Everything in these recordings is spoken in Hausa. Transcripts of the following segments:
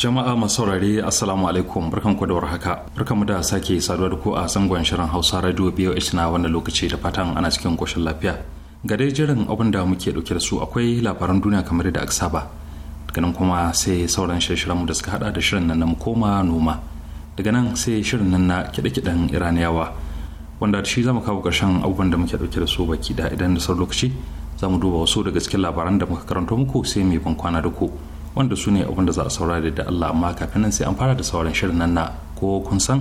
jama'a masu saurare assalamu alaikum barkan ku da warhaka barkan mu da sake saduwa da ku a sangon shirin hausa radio boh na wannan lokaci da fatan ana cikin koshin lafiya ga dai jiran abin da muke dauke da su akwai labaran duniya kamar da aka saba daga nan kuma sai sauran shirin mu da suka hada da shirin nan na koma noma daga nan sai shirin nan na kiɗe-kiɗen iraniyawa wanda da shi zamu kawo karshen abubuwan da muke dauke da su baki da idan da sauran lokaci za mu duba wasu daga cikin labaran da muka karanto muku sai mai ban kwana da ku wanda su ne abinda da za a saurare da Allah amma kafin nan sai an fara da sauran shirin nan na ko kun san.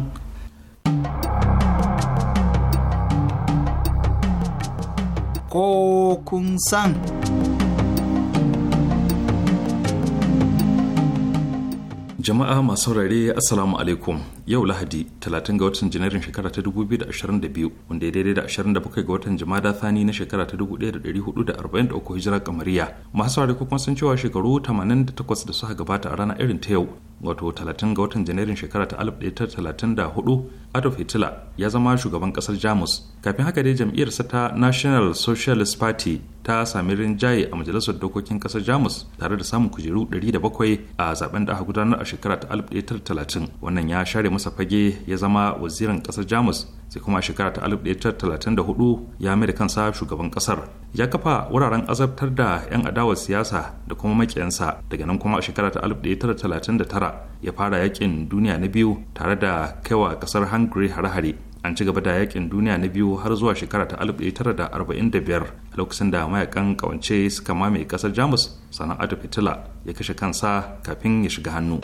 Ko kun san. Jama'a masu saurare Assalamu alaikum yau lahadi 30 ga watan janairun shekara ta 2022 wanda ya daidai da 27 ga watan jimada thani na shekara ta 1443 hijira kamariya masu saurari kuma sun cewa shekaru 88 da suka gabata a ranar irin ta yau wato 30 ga watan janairun shekara ta 1934 adolf hitler ya zama shugaban kasar jamus kafin haka dai sa ta national socialist party ta sami rinjaye a majalisar dokokin kasar jamus tare da samun kujeru 107 a zaben da aka gudanar a shekara ta 1930 wannan ya share masa fage ya zama wazirin kasar jamus sai kuma shekara ta 1934 ya mai da kansa shugaban kasar ya kafa wuraren azabtar da 'yan adawar siyasa da kuma makiyansa daga nan kuma a shekara ta 1939 ya fara yakin duniya na biyu tare da kaiwa kasar hungary hare-hare an ci gaba da yakin duniya na biyu har zuwa shekara ta 1945 lokacin da mayakan kawance suka mame kasar jamus da fitila ya kashe kansa kafin ya shiga hannu.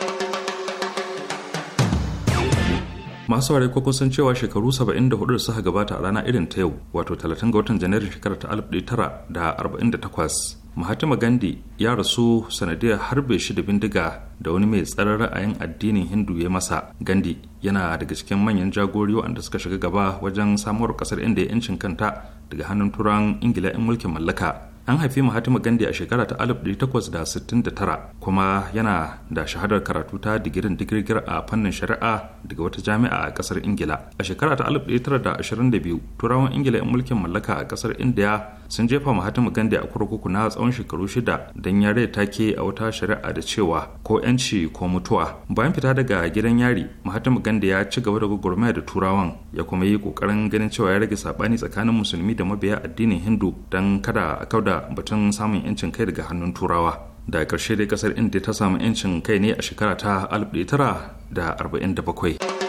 masu ware ko kusan cewa shekaru 74 suka gabata a rana irin ta yau wato 30 ga watan janairun shekarar ta 1948 Mahatma Gandhi ya rasu sanadiyar harbe shi da bindiga da wani mai tsarar ra'ayin addinin Hindu ya masa. Gandhi yana daga cikin manyan jagori waɗanda suka shiga gaba wajen samuwar kasar inda ya 'yancin kanta daga hannun turan Ingila 'yan mulkin mallaka. an haifi mahatma gandhi a shekara ta 1869 kuma yana da shahadar karatu ta digirin digirgir a fannin shari'a daga wata jami'a a kasar ingila a shekara ta 1922 turawan ingila 'yan mulkin mallaka a kasar indiya sun jefa Mahatma Gandhi a kurkuku na tsawon shekaru shida don ya rai take a wata shari'a da cewa ko yanci ko mutuwa. Bayan fita daga gidan yari, Mahatma Gandhi ya ci gaba da gurgurmaya da Turawan ya kuma yi kokarin ganin cewa ya rage sabani tsakanin musulmi da mabiya addinin Hindu don kada a kauda batun samun yancin kai daga hannun Turawa. Da karshe dai kasar inda ta samu yancin kai ne a shekara ta 1947.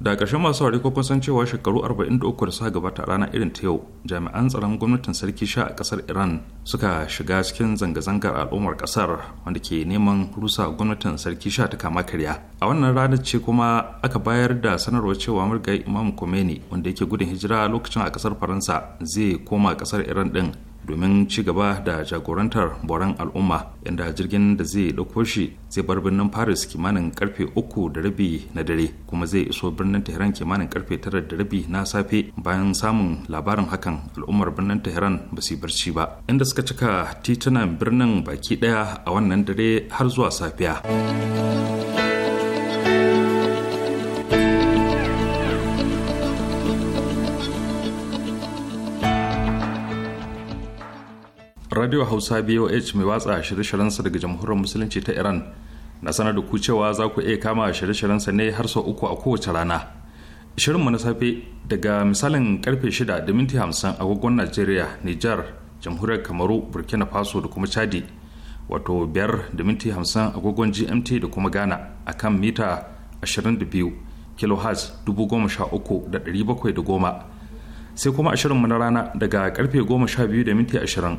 da ƙarshen masu hari ko kusan cewa shekaru 43 da suka gabata rana irin ta yau jami'an tsaron gwamnatin sarki sha a ƙasar iran suka shiga cikin zanga-zangar al'ummar ƙasar wanda ke neman rusa gwamnatin sarki sha ta kama karya a wannan ranar ce kuma aka bayar da sanarwar cewa murgai imam khomeini wanda yake gudun hijira lokacin a ƙasar faransa zai koma ƙasar iran din domin ci gaba da jagorantar boran al'umma inda jirgin da zai ɗauko shi zai bar birnin paris kimanin karfe uku da na dare kuma zai iso birnin tehran kimanin karfe tara da rabi na safe bayan samun labarin hakan al'ummar birnin tehran ba su barci ba inda suka cika titunan birnin baki ɗaya a wannan dare har zuwa safiya radio hausa boh mai watsa shirye-shiryensa daga jamhuriyar musulunci ta iran na sanar da ku cewa za ku iya kama shirye-shiryensa ne har sau uku a kowace rana shirinmu na safe daga misalin karfe shida da minti 50 agogon najeriya nijar jamhuriyar kamaru burkina faso da kuma chadi wato 5 da minti 50 agogon gmt da kuma ghana a kan mita bakwai da goma sai kuma ashirinmu na rana daga karfe sha biyu da minti ashirin.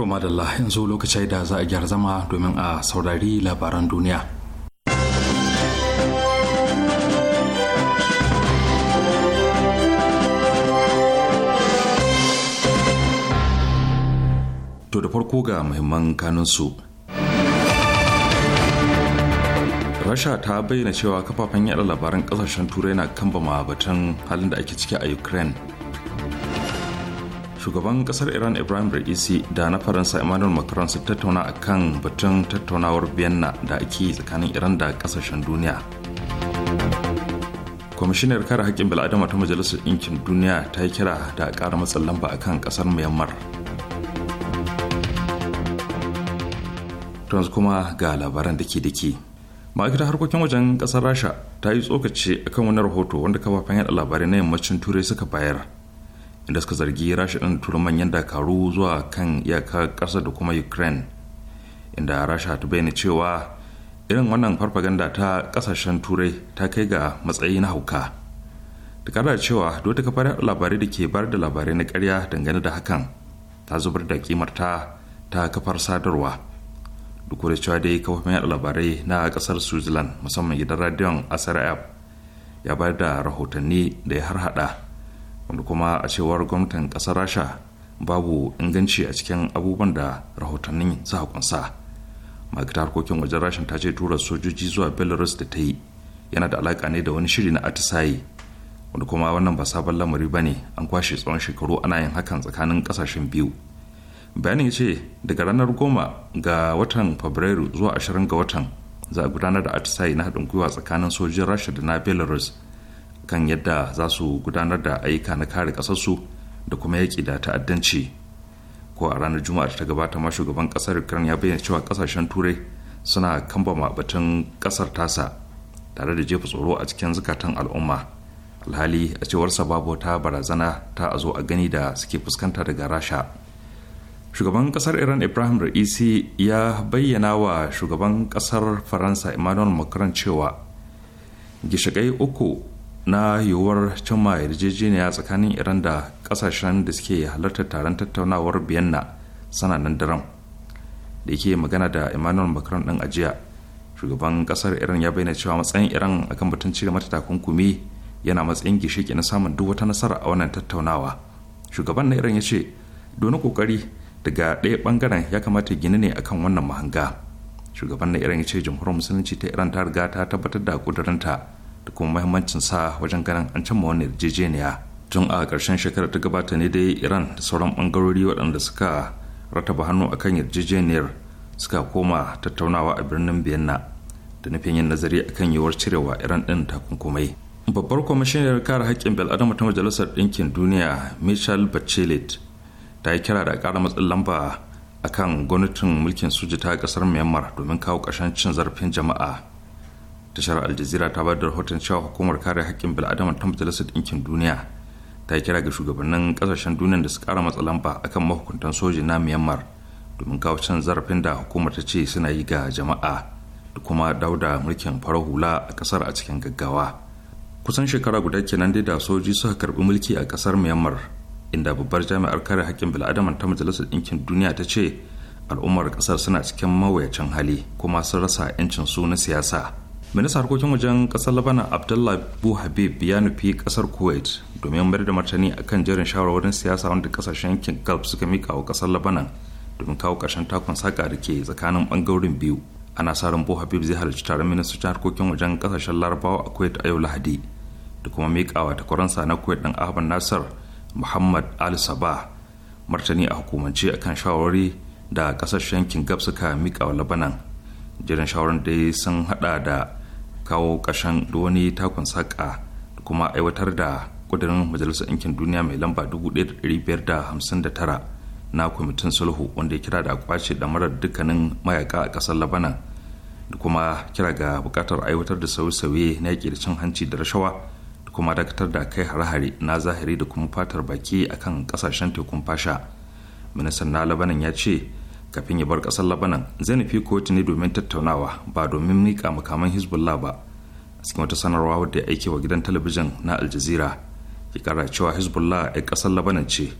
To madalla yanzu lokacin da za a gyara zama domin a saurari labaran duniya. To da farko ga muhimman kanunsu. Rasha ta bayyana cewa kafafen yada labaran ƙasashen turai na kambama batun halin da ake ciki a Ukraine shugaban kasar iran ibrahim raisi da na faransa emmanuel macron su tattauna a kan batun tattaunawar vienna da ake tsakanin iran da kasashen duniya kwamishinar kare haƙƙin bil'adama ta majalisar ɗinkin duniya ta yi kira da ƙara matsin lamba a kan ƙasar myanmar yanzu kuma ga labaran da ke da ke ma'aikatar harkokin wajen ƙasar rasha ta yi tsokaci akan wani rahoto wanda kafafen yaɗa labarai na yammacin turai suka bayar inda suka zargi rasha ɗin turin manyan dakaru zuwa kan iyakar ƙasa da kuma ukraine inda rasha ta bayyana cewa irin wannan farfaganda ta ƙasashen turai ta kai ga matsayi na hauka ta kada cewa dole ta kafar labarai da ke bar da labarai na karya dangane da hakan ta zubar da kimar ta kafar sadarwa duk da cewa dai kafofin yaɗa labarai na ƙasar switzerland musamman gidan radiyon asar ya bayar da rahotanni da ya harhaɗa wanda kuma a cewar gwamnatin ƙasar rasha babu inganci a cikin abubuwan da rahotannin za a kunsa ma'aikatar harkokin wajen rashin ta ce tura sojoji zuwa belarus da ta yi yana da alaƙa ne da wani shiri na atisaye wanda kuma wannan ba sabon lamari ba ne an kwashe tsawon shekaru ana yin hakan tsakanin ƙasashen biyu bayanin ya ce daga ranar goma ga watan fabrairu zuwa ashirin ga watan za a gudanar da atisaye na haɗin gwiwa tsakanin sojin rasha da na belarus kan yadda za su gudanar da ayyuka na kare ƙasarsu da kuma yaƙi da ta'addanci ko a ranar juma'a ta gabata ma shugaban ƙasar ukraine ya bayyana cewa ƙasashen turai suna kambama batun ƙasar tasa tare da jefa tsoro a cikin zukatan al'umma alhali a cewarsa babu ta barazana ta a zo a gani da suke fuskanta daga rasha shugaban kasar iran ibrahim ra'isi ya bayyana wa shugaban kasar faransa emmanuel macron cewa gishagai uku na yiwuwar cimma yarjejeniya tsakanin iran da kasashen da suke halartar taron tattaunawar biyanna nan daren da yake magana da emmanuel macron ɗin ajiya shugaban kasar iran ya bayyana cewa matsayin iran akan batun cire mata takunkumi yana matsayin gishiki na samun duk wata nasara a wannan tattaunawa shugaban na iran ya ce doni kokari daga ɗaya bangaren ya kamata gini ne akan wannan mahanga shugaban na iran ya ce jamhuriyar musulunci ta iran ta riga ta tabbatar da kudurinta da kuma mahimmancin sa wajen ganin an cimma wani yarjejeniya tun a ƙarshen shekarar ta gabata ne dai iran da sauran ɓangarori waɗanda suka rataba hannu a kan yarjejeniyar suka koma tattaunawa a birnin vienna da nufin yin nazari a kan yiwuwar cirewa iran ɗin takunkumai babbar kwamishinar kare haƙƙin bil'adama ta majalisar ɗinkin duniya michel bachelet ta yi kira da ƙara matsin lamba a kan gwamnatin mulkin soja ta ƙasar myanmar domin kawo ƙarshen cin zarafin jama'a tashar aljazira ta bada da rahoton cewa hukumar kare haƙƙin bil'adama ta majalisar ɗinkin duniya ta yi kira ga shugabannin ƙasashen duniya da su ƙara matsa lamba akan mahukuntan soji na myanmar domin kawo can zarafin da hukumar ta ce suna yi ga jama'a da kuma dauda mulkin farar hula a ƙasar a cikin gaggawa kusan shekara guda kenan dai da soji suka karbi mulki a ƙasar myanmar inda babbar jami'ar kare haƙƙin bil'adama ta majalisar ɗinkin duniya ta ce al'ummar ƙasar suna cikin mawuyacin hali kuma sun rasa 'yancin su na siyasa minista harkokin wajen kasar labanan abdullah bu habib ya nufi kasar kuwait domin mayar da martani akan jerin shawarwarin siyasa wanda kasashen yankin gulf suka mika wa kasar labanan domin kawo karshen takon saka da ke tsakanin bangarorin biyu ana sa ran bu habib zai halarci taron ministocin harkokin wajen kasashen larabawa a kuwait a yau lahadi da kuma mika wa takwaransa na kuwait ɗan ahmad nasir muhammad al sabah martani a hukumance akan shawarwari da kasashen yankin gulf suka mika wa labanan jiran shawarar dai sun hada da kawo ƙashen wani takon saƙa kuma aiwatar da ƙudurin majalisar ɗinkin duniya mai lamba 1559 na kwamitin sulhu wanda ya kira da kwace marar dukkanin mayaka a ƙasar labanan da kuma kira ga buƙatar aiwatar da sauye-sauye na yaƙi da cin hanci da rashawa da kuma dakatar da kai hare-hare na zahiri da kuma fatar baki akan ƙasashen tekun fasha ministan na labanan ya ce kafin ya bar kasar labanan zai nufi kotu ne domin tattaunawa ba domin mika makaman hezbollah ba a cikin wata sanarwa wadda ya aike wa gidan talabijin na aljazira ya kara cewa hezbollah a kasar labanan ce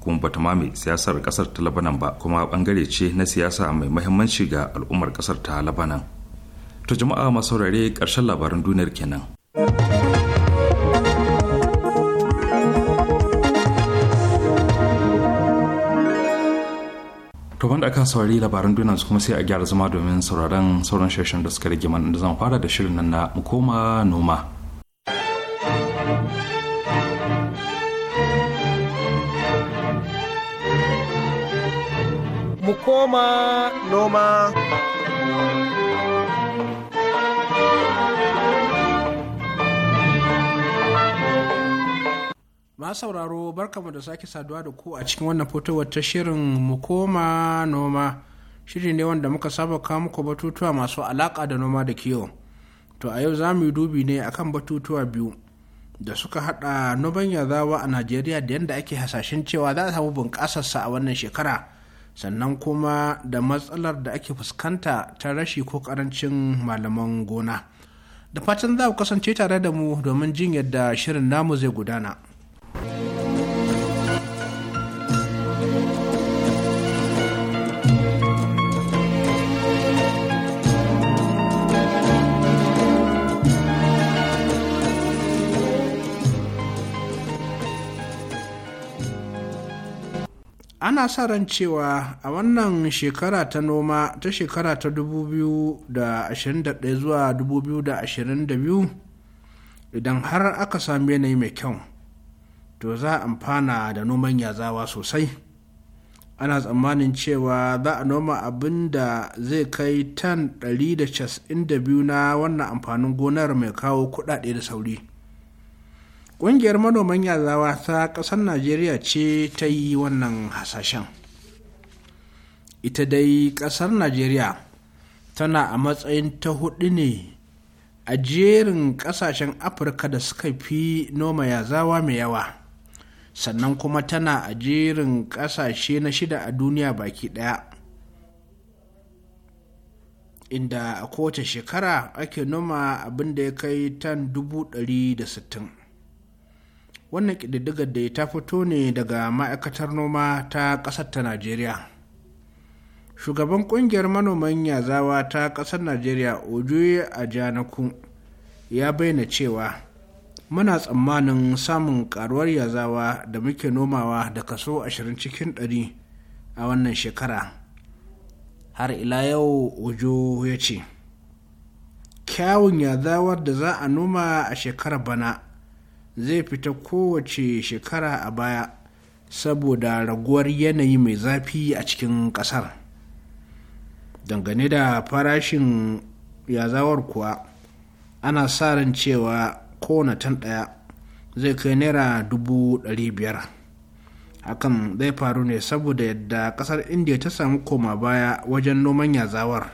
kuma ba bata mame siyasar kasar ta labanan ba kuma bangare ce na siyasa mai mahimmanci ga al'ummar kasar ta labanan to jama'a masaurare karshen labaran duniyar kenan. ka saurari labaran duniya su kuma sai a gyara zama domin sauraron sauran shirin da suka rage da zan fara da shirin nan na koma noma. Mukoma noma. Ma sauraro barkamu da sake saduwa da ku a cikin wannan fitowar ta shirin mu koma noma shiri ne wanda muka saba kawo muku batutuwa masu alaka da noma da kiwo to a yau za mu yi dubi ne akan batutuwa biyu da suka hada noman yazawa a najeriya da yadda ake hasashen cewa za a samu bunƙasarsa a wannan shekara sannan kuma da matsalar da ake fuskanta ta rashi ko karancin malaman gona da fatan za ku kasance tare da mu domin jin yadda shirin namu zai gudana. ana sa ran cewa a wannan shekara ta noma ta shekara ta 2021 zuwa 2022 idan har aka sami yanayi mai kyau to za a amfana da noman yazawa sosai ana tsammanin cewa za a noma abin da zai kai tan 192 na wannan amfanin gonar mai kawo kudade da sauri ƙungiyar manoman yazawa ta ƙasar najeriya ce ta yi wannan hasashen ita dai ƙasar najeriya tana a matsayin ta hudu ne a jerin ƙasashen afirka da suka fi noma yazawa mai yawa sannan kuma tana a jerin ƙasashe na shida a duniya baki ɗaya inda a kowace shekara ake noma abin da ya kai tan dubu ɗari da sittin wannan ƙididdigar da ta fito ne daga ma'aikatar noma ta ƙasar ta najeriya shugaban ƙungiyar manoman yazawa ta ƙasar najeriya ojoye a janaku ya bayyana cewa muna tsammanin samun karuwar yazawa da muke nomawa da kaso 20 cikin 100 a wannan shekara har ila yau ojo ya ce kyawun yazawar da za a noma a shekarar bana zai fita kowace shekara a baya saboda raguwar yanayi mai zafi a cikin ƙasar dangane da farashin yazawar kuwa ana sa ran cewa kowane tan ɗaya zai kai naira dubu ɗari biyar hakan zai faru ne saboda yadda ƙasar indiya ta samu koma baya wajen noman yazawar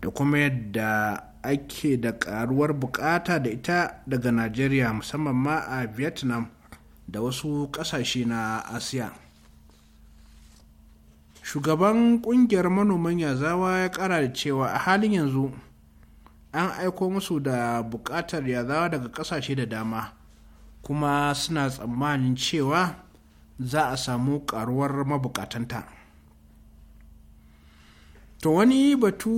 da kuma yadda ake da karuwar bukata da ita daga najeriya musamman ma a vietnam da wasu kasashe na asiya shugaban kungiyar manoman yazawa ya kara da cewa a halin yanzu an aiko musu da bukatar yazawa daga kasashe da dama kuma suna tsammanin cewa za a samu karuwar mabukatanta to wani batu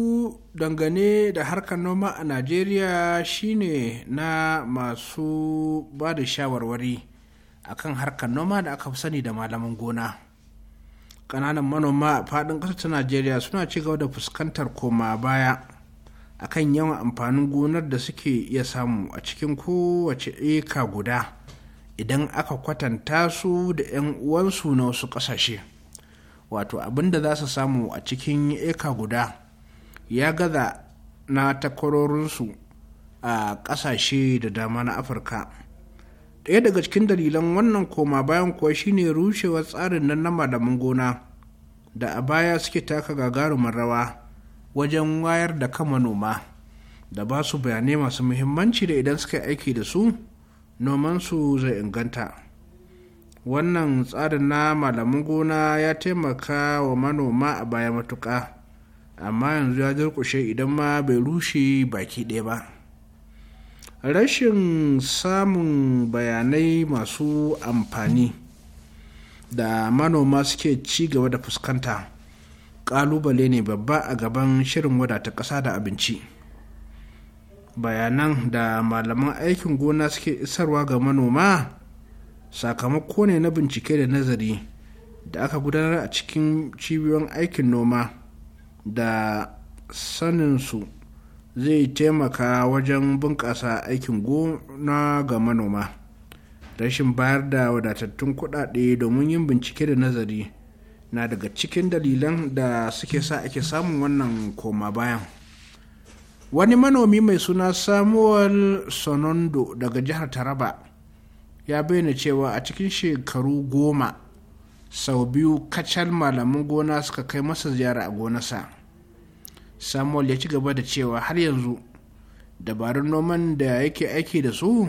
dangane da harkar noma a najeriya shine na masu ba da shawarwari akan harkar noma da aka fi sani da malaman gona ƙananan manoma a faɗin ƙasar ta najeriya suna ci gaba da fuskantar koma baya akan yawan amfanin gonar da suke iya samu a cikin kowace eka guda idan aka kwatanta su da 'yan uwansu na wasu ƙasashe wato abin za su samu a cikin eka guda ya gaza na takwarorinsu a ƙasashe da dama na afirka ɗaya daga cikin dalilan wannan koma bayan kuwa shine rushewar tsarin nan na malaman gona da a baya suke taka gagarumin rawa wajen wayar da kan manoma da ba su bayanai masu muhimmanci da idan suka aiki da su nomansu zai inganta wannan tsarin na malamin gona ya taimaka wa manoma a baya matuƙa amma yanzu ya durkushe idan ma bai rushe baki ɗaya ba rashin samun bayanai masu amfani da manoma suke ci gaba da fuskanta ƙalubale ne babba a gaban shirin wadata ƙasa da abinci bayanan da malaman aikin gona suke isarwa ga manoma sakamako ne na bincike da nazari da aka gudanar a cikin cibiyoyin aikin noma da saninsu zai taimaka wajen bunƙasa aikin gona ga manoma rashin bayar da wadatattun kuɗaɗe domin yin bincike da nazari na daga cikin dalilan da suke sa ake samun wannan koma bayan wani manomi mai suna samuel sonondo daga jihar taraba ya bayyana cewa a cikin shekaru goma sau biyu kacal malaman gona suka kai masa ziyara a gonarsa samuel ya ci gaba da cewa har yanzu dabarun noman da yake aiki da su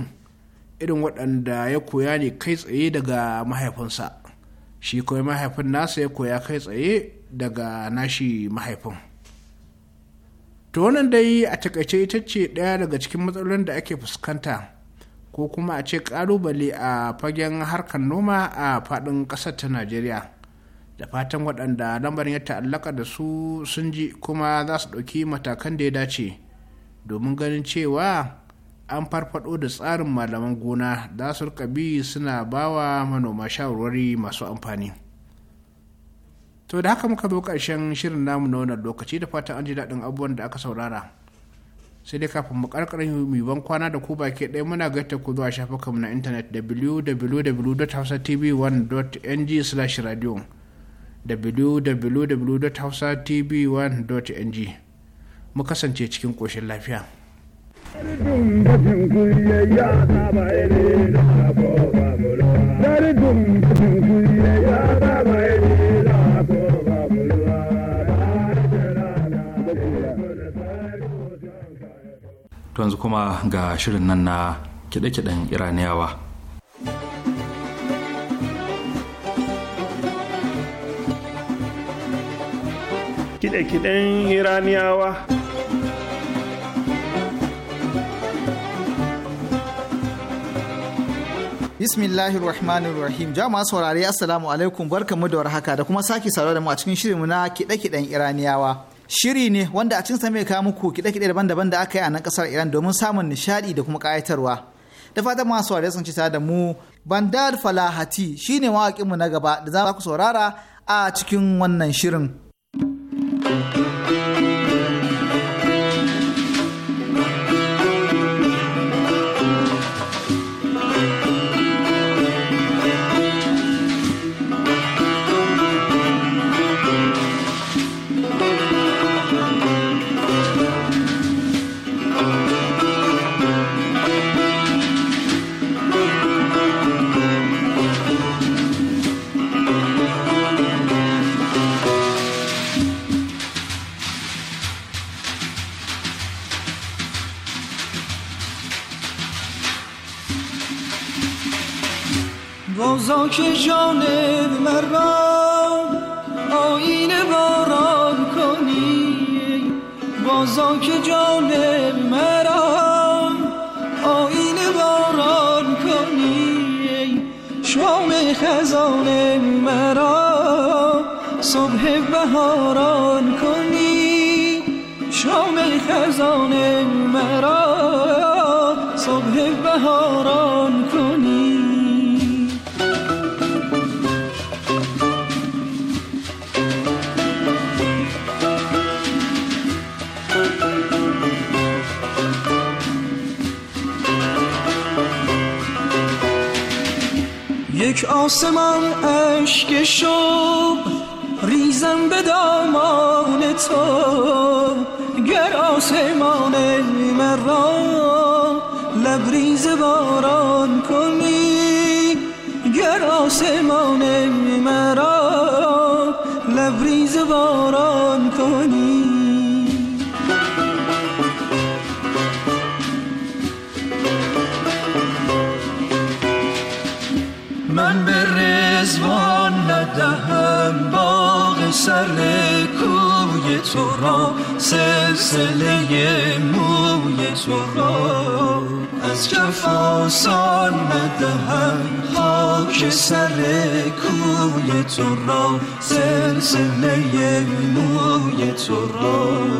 irin waɗanda ya koya ne kai tsaye daga mahaifinsa shi kawai mahaifin nasa ya koya kai tsaye daga nashi mahaifin to wannan dai a takaice ita ce ɗaya daga cikin matsalolin da ake fuskanta ko kuma a ce ƙalubale a fagen harkar noma a faɗin ƙasar ta najeriya da fatan waɗanda lambarin ya ta'allaka da su sun ji kuma za su ɗauki matakan da ya dace domin ganin cewa an farfado da tsarin malaman gona da su bi suna bawa manoma shawarwari masu amfani to da haka muka zo ƙarshen shirin namu na wannan lokaci da fatan an ji daɗin abubuwan da aka saurara sai dai kafin mu karkarin mai ban kwana da ku baki ɗaya muna gaita ku zuwa shafukanmu na intanet www.hausatv1.ng radio www.hausatv1.ng mu kasance cikin ƙoshin lafiya. Dari dum dum kuyi ya ba to yanzu kuma ga shirin nan na kiɗe-kiɗen iraniyawa kiɗe-kiɗen iraniyawa Bismillahir Rahmanir Rahim. Jama'a saurare Assalamu alaikum barkamu da warhaka da kuma sake saurare mu a cikin shirinmu na kiɗe-kiɗen Iraniyawa. shiri ne wanda a cikin sa mai kawo muku kiɗe-kiɗe daban-daban da aka yi a nan ƙasar Iran domin samun nishaɗi da kuma ƙayatarwa. Da fatan masu saurare sun ci tare da mu Bandar Falahati shine mawaƙinmu na gaba da za ku saurara a cikin wannan shirin. thank you جانب مرا آین باران کنی بازا که جانب مرا آین باران کنی شام خزان مرا صبح بهاران کنی شام خزان مرا صبح بهاران یک آسمان اشک شب ریزم به دامان تو گر آسمان مرا لبریز باران کنی گر آسمان مرا لبریز باران سر کوی تو را سلسله موی تو را از جفا آسان ندهم خاک سر کوی تو را سلسله موی تو را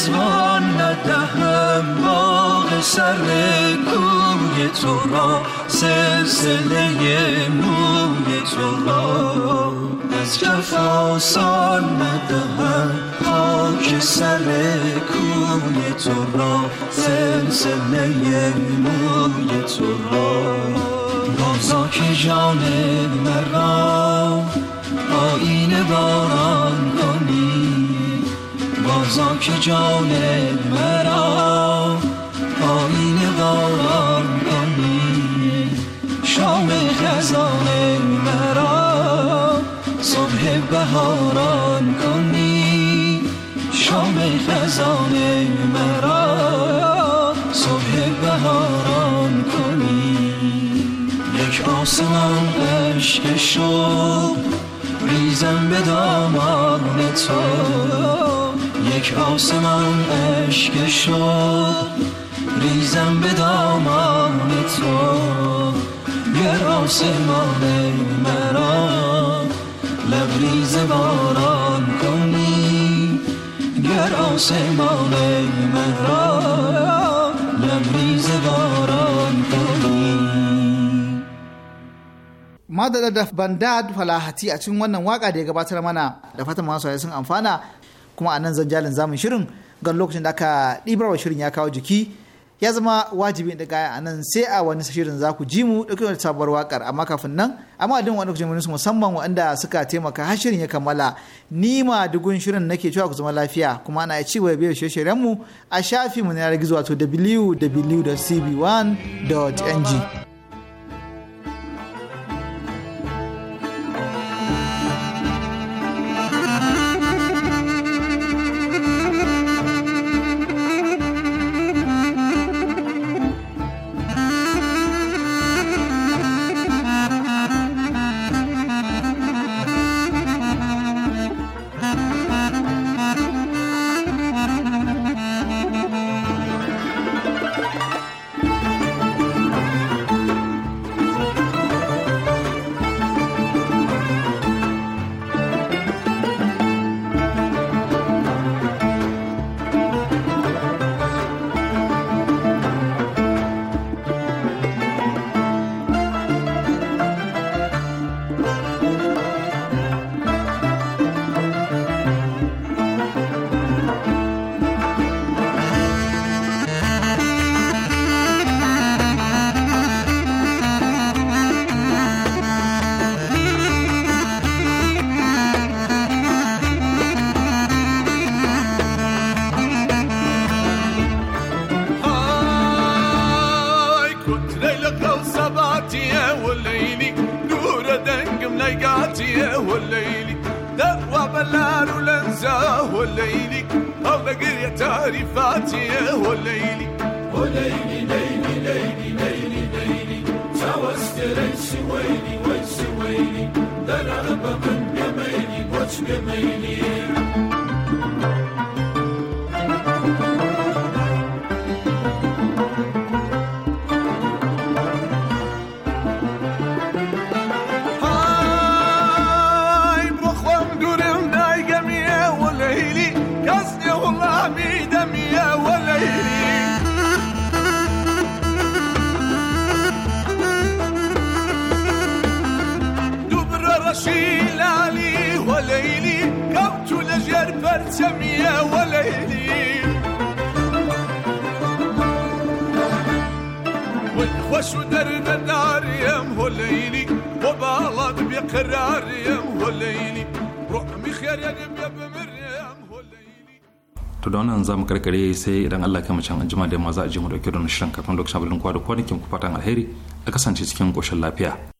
رزوان ندهم باغ سر کوی تو را سلسله موی تو را از جفا سان ندهم خاک سر کوی تو را سلسله موی تو را بازا که جان مرا آین باران کنی بازا که جان مرا آین باران کنی شام خزان مرا صبح بهاران کنی شام خزان مرا صبح بهاران کنی یک آسمان عشق شد ریزم به دامان تو یک آسمان عشق شد ریزم به دامان تو گر آسمان مرا لبریز باران کنی گر آسمان مرا لبریز باران کنی ما da da bandad falahati a cikin wannan waka da ya gabatar mana da fatan masu sun amfana kuma a nan zan jalin zamun shirin gan lokacin da aka ɗibarwa shirin ya kawo jiki ya zama wajibi da gaya a nan sai a wani shirin za ku ji mu ɗauki wani sabuwar wakar amma kafin nan amma din wani lokacin wani musamman wanda suka taimaka har shirin ya kammala ni ma dugun shirin nake cewa ku zama lafiya kuma ana ci gaba biyar shirye-shiryen mu a shafi mu na gizo wato www.cb1.ng. ليلي الله قرية تعريفاتي يا هو ليلي هو ليلي ليلي ليلي ليلي ليلي شاوست ريش ويلي ويش ويلي ده ربا من جميلي وش جميلي الشم وليلي ونخوش درنا da wannan zamu karkare sai idan Allah ya mace anjima jima da ma za a ji mu dauke da shirin kafin lokacin abin kwa da kwanakin ku fatan alheri a kasance cikin koshin lafiya